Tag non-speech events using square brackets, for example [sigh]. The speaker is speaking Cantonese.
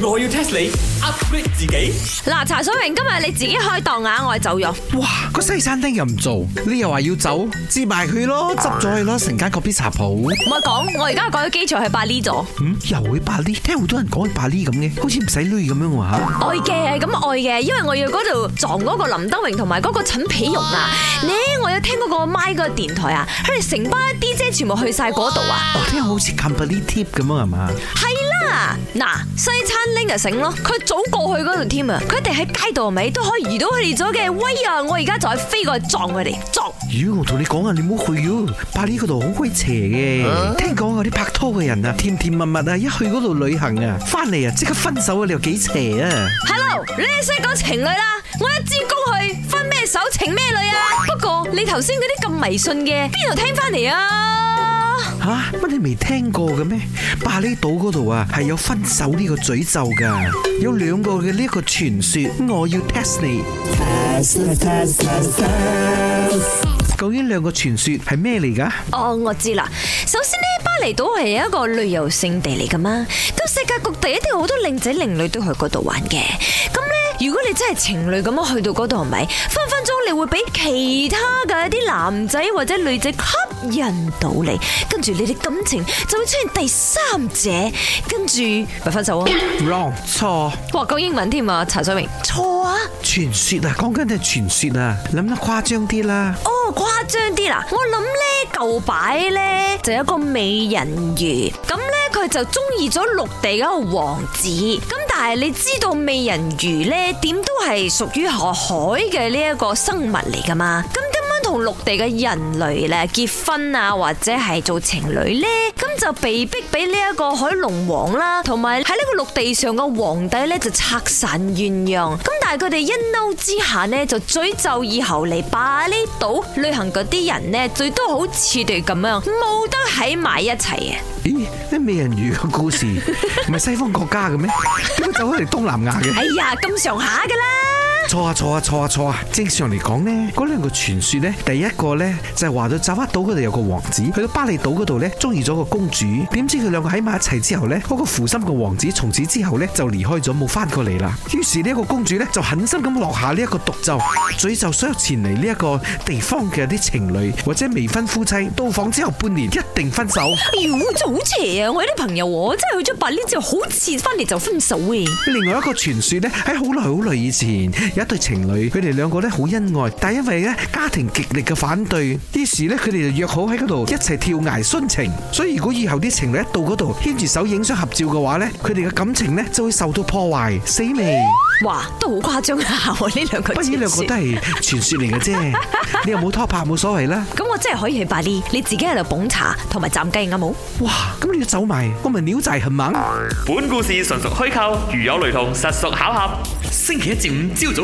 我要 test 你 upgrade 自己嗱。查水泳今日你自己開檔啊，我走咗。哇，個西餐廳又唔做，你又話要走，支埋佢咯，執咗佢咯，成間嗰啲茶鋪。唔係講，我而家講機場係巴黎咗。嗯，又會巴黎？聽好多人講去巴黎咁嘅，好似唔使鐳咁樣吓。啊、愛嘅係咁愛嘅，因為我要嗰度撞嗰個林德榮同埋嗰個陳皮蓉啊。咧哇，我有聽嗰個麥個電台啊，佢哋成班 D J 全部去晒嗰度啊。哦哇，聽好 com 似 company tip 咁啊，係嘛？係。嗱，西餐拎就醒咯，佢早過去嗰度添啊，佢一定喺街道尾都可以遇到佢哋咗嘅，威啊，我而家就係飛過去撞佢哋，撞。咦，我同你講啊，你唔好去，百呢個度好鬼邪嘅，聽講嗰啲拍拖嘅人啊，甜甜蜜蜜啊，一去嗰度旅行啊，翻嚟啊即刻分手啊，你又幾邪啊？Hello，呢先講情侶啦，我一支公去分咩手，情咩侶啊？不過你頭先嗰啲咁迷信嘅，邊度聽翻嚟啊？吓，乜你未聽過嘅咩？巴厘島度啊，係有分手呢個詛咒噶有兩個嘅呢個傳說。我要 test 你。究竟兩個傳說係咩嚟噶？哦，我知啦。首先咧，巴厘島係一個旅遊勝地嚟噶嘛，到世界各地一定好多靚仔靚女都去度玩嘅。咁咧，如果你真係情侶咁樣去到度，係咪分分鐘？你會俾其他嘅一啲男仔或者女仔吸引到你，跟住你哋感情就會出現第三者，跟住咪分手咯。Wrong 錯，哇講英文添啊，查水明錯啊了，傳說啊，講緊嘅係傳說啊，諗得誇張啲啦。哦，誇張啲啦，我諗咧舊擺咧就有一個美人魚咁。就中意咗陸地個王子，咁但係你知道美人魚咧點都係屬於河海嘅呢一個生物嚟噶嘛？咁點樣同陸地嘅人類咧結婚啊，或者係做情侶咧？就被逼俾呢一個海龍王啦，同埋喺呢個陸地上嘅皇帝咧，就拆散鴛鴦。咁但係佢哋一嬲之下呢，就詛咒以後嚟霸呢度旅行嗰啲人呢，最多好似哋咁樣，冇得喺埋一齊嘅。咦？啲美人魚嘅故事唔係西方國家嘅咩？點解 [laughs] 走咗嚟東南亞嘅？哎呀，咁上下噶啦。錯啊錯啊錯啊錯啊！正常嚟講呢，嗰兩個傳說呢，第一個呢就係話到爪哇島嗰度有個王子，去到巴厘島嗰度呢中意咗個公主。點知佢兩個喺埋一齊之後呢，嗰個負心嘅王子從此之後呢就離開咗，冇翻過嚟啦。於是呢一個公主呢就狠心咁落下呢一個毒咒，詛咒所有前嚟呢一個地方嘅啲情侶或者未婚夫妻到訪之後半年一定分手。哎真係好邪啊！我有啲朋友我真係去咗八年之後，好遲翻嚟就分手嘅。另外一個傳說呢，喺好耐好耐以前。有一對情侶，佢哋兩個咧，好恩愛，但係因為咧家庭極力嘅反對，於是咧佢哋就約好喺嗰度一齊跳崖殉情。所以如果以後啲情侶一到嗰度牽住手影相合照嘅話咧，佢哋嘅感情咧就會受到破壞，死未？哇，都好誇張啊！呢兩個不，呢兩個都係傳說嚟嘅啫，你又冇拖拍冇所謂啦。咁我真係可以去快啲，你自己喺度捧茶同埋站雞啱冇？哇，咁你要走埋，我咪鳥仔行埋。本故事純屬虛構，如有雷同，實屬巧合。星期一至五朝早。